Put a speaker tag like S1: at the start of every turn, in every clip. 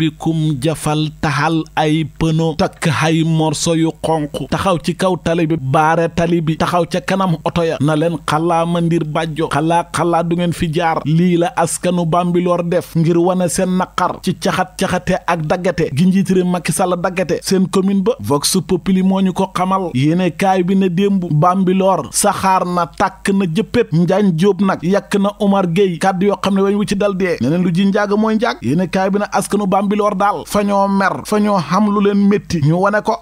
S1: bikum jafal taxal ay pëno takk ay morso yu xonq taxaw ci kaw tali bi baare tali taxaw ca kanam oto ya na leen xalaa ma ndir bàjjo xalaa xalaa du ngeen fi jaar lii la askanu bambilor def ngir wane seen naqar ci caxat-caxate ak daggate gi njiitiri Macky Sall daggate seen commune ba vox populi moo ñu ko xamal yéene kaay bi ne démb bambilor saxaar na tàkk na jëppét njaañ jóob nag yàkk na Omar Gueye kàddu yoo xam ne wañ wu ci dal dee neneen lu bambiloor daal fa ñoo mer fa ñoo xam lu leen métti ñu wane ko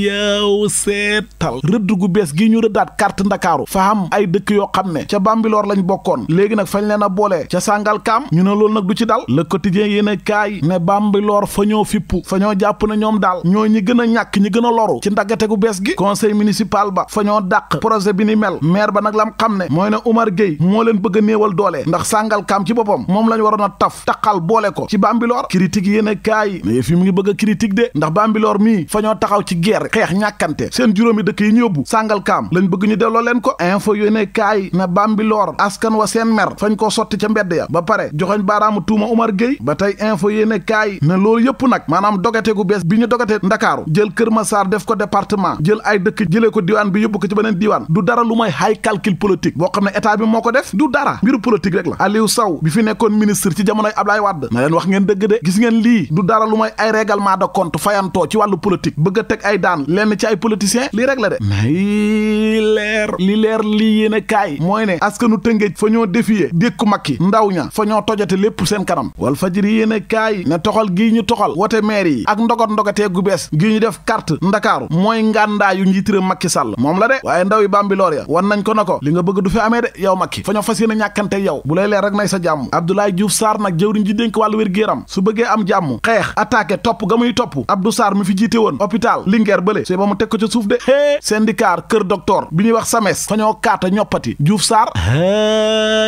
S1: yow seetal rëdd gu bees gi ñu rëddaat kart ndakaaru fa xam ay dëkk yoo xam ne ca bambiloor lañu bokkoon léegi nag fañ leen a boole ca sàngal kaam ñu ne loolu nag du ci dal le quotidien yéen a kaay ne bambiloor fa ñoo fippu fa ñoo jàpp na ñoom daal ñoo ñi gën a ñàkk ñi gën a loru ci ndagate gu bees gi conseil municipal ba fa ñoo dàq projet bi ni mel maire ba nag lam xam ne mooy ne Oumar Gueye moo leen bëgg a néewal ndax sàngal kaam ci boppam moom lañ waroon a taf taqal boole ko Bambilor critique yéen a kaay mais fi mu ngi bëgg a critique de ndax Bambilor xeex ñàkkante seen juróomi dëkk yi ñu yóbbu sàngal kaam lañ bëgg ñu delloo leen ko info yéen a kaay na Bambilor wa seen mer fañ ko ca mbedd ba pare joxoñ baaraamu tuuma Umar Gueye ba tey info yéen kaay na loolu yëpp nag maanaam dogate gu bees bi ñu dogate Ndakaaru jël Kër Massar def ko département jël ay dëkk jëlee ko diwaan bi yóbbu ko ci beneen diwaan du dara lu may hay calcul politique boo xam ne état bi moo ko def du dara mbiru politique rek la Aliou Sow bi fi nekkoon ministre ci jamonoy Ablaye Wade na leen wax ngeen deug de gis ngeen li du dara lu may ay règlement de compte fayanto ci walu politique bëgg tek ay daan lenn ci ay politiciens li rek la de may leer li leer lii yéen a kaay mooy ne askanu tëngéej fa ñoo défié dékku makki ndaw ña fa ñoo tojate lepp seen kanam wal fajr yene kay na toxal gi ñu toxal wote maire yi ak ndogot ndogatee gu bes gi ñu def carte ndakaaru moy nganda yu njiitëram makki Sall mom la de waye ndaw yi lor ya wan nañ ko nako li nga bëgg du fi amé de yow makki fa ñoo fas ñakante yow bu lay leer rek nay sa jamm Abdoulaye Diouf sar nak jëwriñ ji denk walu wér yaram su bëggee am jàmm xeex attaqué topp nga muy topp Abdou Sarr mi fi jiite woon hôpital Linguère bële c'est ba mu teg ko ca suuf de hee syndicat kër docteur bi ñuy wax SAMES fa ñoo kaata ñoppati Diouf Sarr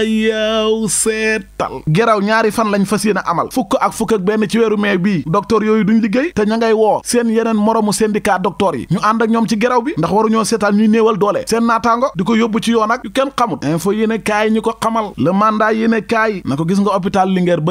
S1: yaw seetal geraw ñaari fan lañ fas yéene amal fukk ak fukk ak benn ci weeru mai bii docteur yooyu duñ liggéey te ña ngay woo seen yeneen moromu syndicat docteur yi ñu ànd ak ñoom ci geraw bi ndax waruñoo seetaan ñuy néewal doole seen naataango di ko yóbbu ci yoon ak yu kenn xamut info yéene kaay ko xamal le mandat yéene kaay na ko gis nga hôpital Linguère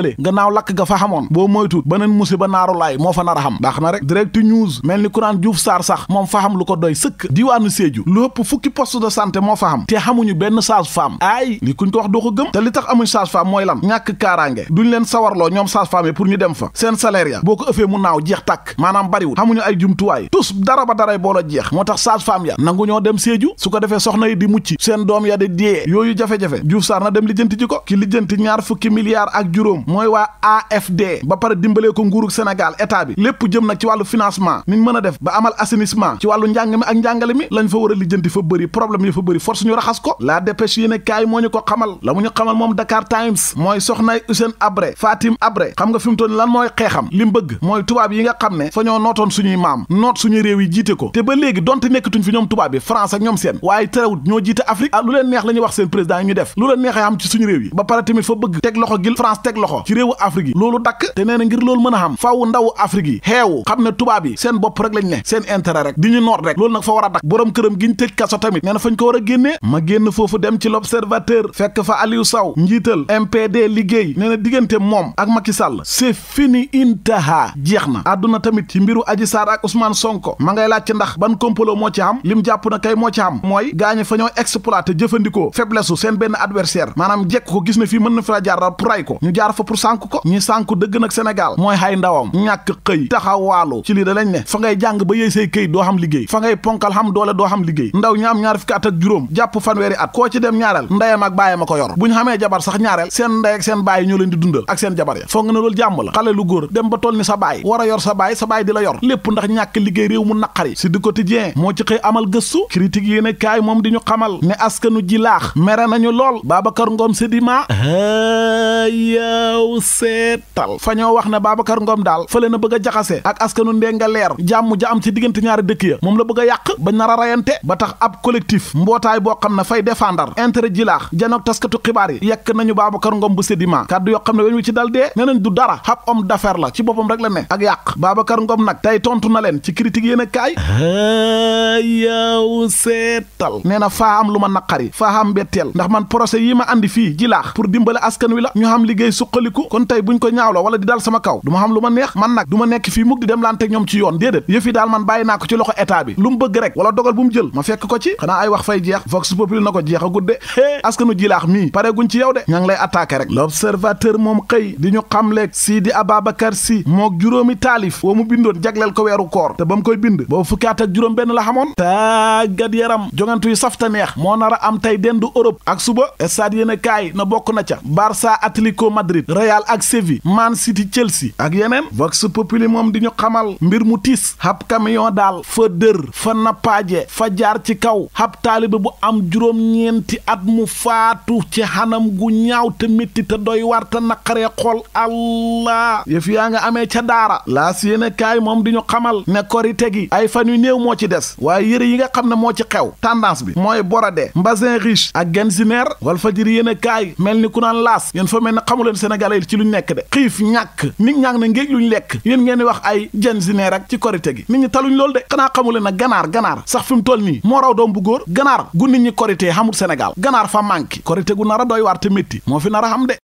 S1: fa xamoon boo moytuut beneen musiba naaru laay moo fa nar a xam baax na rek direct news mel ni kuraan Diouf Sarr sax moom fa ko doy sëkk diwaanu Sédhiou lu ëpp fukki poste de moo fa xam te xamuñu benn sage-femme aay li kuñ ko wax doo ko gëm te li tax amuñ sage-femme mooy lan ñàkk kaaraange duñ leen sawarloo ñoom sage-femme yi pour ñu dem fa seen salaire ya boo ko ëffee mu naaw jeex tàkk maanaam bariwul xamuñu ay jumtuwaay tus dara ba daray boola jeex moo tax sage-femme ñoo dem Sédhiou su ko defee soxna yi di seen doom ya di yooyu jafe-jafe Diouf Sarr na dem lijjanti ji ko ki lijjanti ñaar fukki milliards ak juróom CFD ba pare dimbalee ko nguurug Sénégal état bi lépp jëm nag ci wàllu financement niñ mën a def ba amal assainissement ci wàllu njàng mi ak njàngale mi lañ fa war a lijjanti fa bëri problème yi fa bëri force ñu raxas ko la dépêche yéen kaay moo ñu ko xamal la mu ñu xamal moom Dakar Times mooy soxnay Hussein Abré Fatim Abré xam nga fi mu toll lan mooy xeexam li mu bëgg mooy tubaab yi nga xam ne fa ñoo nootoon suñuy maam noot suñuy réew yi jiite ko te ba léegi donte nekkatuñ fi ñoom tubaab bi France ak ñoom ñoo jiite ah lu leen neex la ñuy wax seen président yi ñu def lu leen neexee am ci suñu réew yi ba pare tamit fa bëgg teg loolu dakk te nee na ngir loolu mën a xam faaw ndaw Afrique yi xeewu xam ne tubaab yi seen bopp rek lañ ne seen intérêt rek di ñu noot rek loolu nag fa war a dakk boroom këram gi ñu tëj kaso tamit nee na fañ ko war a génnee ma génn foofu dem ci l'observateur fekk fa Aliou Sow njiital MPD liggéey nee na diggante moom ak Macky Sall c'est fini intaha jeex na àdduna tamit ci mbiru Adji Sarr ak Ousmane Sonko ma ngay laaj ci ndax ban complot moo ci am lim jàpp na kay moo ci am mooy gaañe fa ñoo jëfandikoo faiblesse su seen benn adversaire maanaam jekk ko gis na fii mën na fa jaar manque dëgg nag Sénégal mooy xay ndawam ñàkk xëy taxawaalu ci lii da lañ ne fa ngay jàng ba yéy say këy doo xam liggéey fa ngay ponkal xam doole doo xam liggéey ndaw ñaam ñaar fukki at ak juróom jàpp fanweeri at koo ci dem ñaareel ndeyam ak baayam a ko yor bu ñu xamee jabar sax ñaareel seen ndey ak seen baay ñoo leen di dundal ak seen jabar ya foog nga ne loolu jàmm la xale lu góor dem ba toll ni sa baay war a yor sa baay sa baay di la yor lépp ndax ñàkk liggéey réew gàttal fa ñoo wax ne Babacar Ngom daal fële na bëgg a jaxase ak askanu ndenga leer jàmm ja am ci diggante ñaari dëkk ya moom la bëgg a yàq ba nar a ba tax ab collectif mbootaay boo xam ne fay défendre intérêt jilaax janoog taskatu xibaar yi yekk nañu Babacar Ngom bu sédiment kàddu yoo xam ne weñ wu ci dal dee nee nañ du dara ab homme d'affaires la ci boppam rek la ne ak yàq Babacar Ngom nag tey tontu na leen ci critique yéen a kaay nee na faa am lu ma naqari faa am betteel ndax man procès yi ma andi fii jilaax pour dimbale askan wi la ñu am liggéey suqaliku ñaaw wala di dal sama kaw du ma xam lu ma neex man nag du ma nekk fii mukk di dem ñoom ci yoon déedéet yëf yi daal man bàyyi naa ko ci loxo état bi lu mu bëgg rek wala dogal bu mu jël ma fekk ko ci xanaa ay wax fay jeex vox populi na ko jeex a gudde askanu jilaax mii pare guñ ci yow de ña ngi lay attaqué rek l'observateur moom xëy di ñu xamleeg Sidi Ababacar Si mook juróomi taalif woo mu bindoon jagleel ko weeru koor te ba mu koy bind boobu fukki at ak juróom benn la xamoon tàggat yaram joŋantu yu safta neex moo nar a am tey dendu Europe ak suba stade yéen kaay na bokk na ca Barça Atlético Madrid Real ak Séville Man City Chelsea ak yeneen Vox Populi moom di ñu xamal mbir mu tiis ab camion daal fa dër fa nappaaje fa jaar ci kaw ab taalibe bu am juróom-ñeenti at mu faatu ci xanam gu ñaaw te métti te doy war te naqaree xool allah yëf yaa nga amee ca daara laas yéene kaay moom di ñu xamal ne korite gi ay fan yu néew moo ci des waaye yëre yi nga xam ne moo ci xew tendance bi mooy borodé mbasin riche ak gensineer Walfadjri yéene kaay mel ni ku naan laas yéen fa mel ne xamuleen sénégalais ci lu nekk xiif ñàkk mi ngi ñàkk na ngéej luñ lekk yéen ngeen di wax ay jen zineer ak ci korité gi nit ñi taluñ loolu de xanaa xamule na ganaar ganaar sax fi mu toll nii moo raw doom bu góor ganaar gu nit ñi korité xamul Sénégal ganaar fa manqué korité gu nar a doy waar te métti moo fi nar a xam de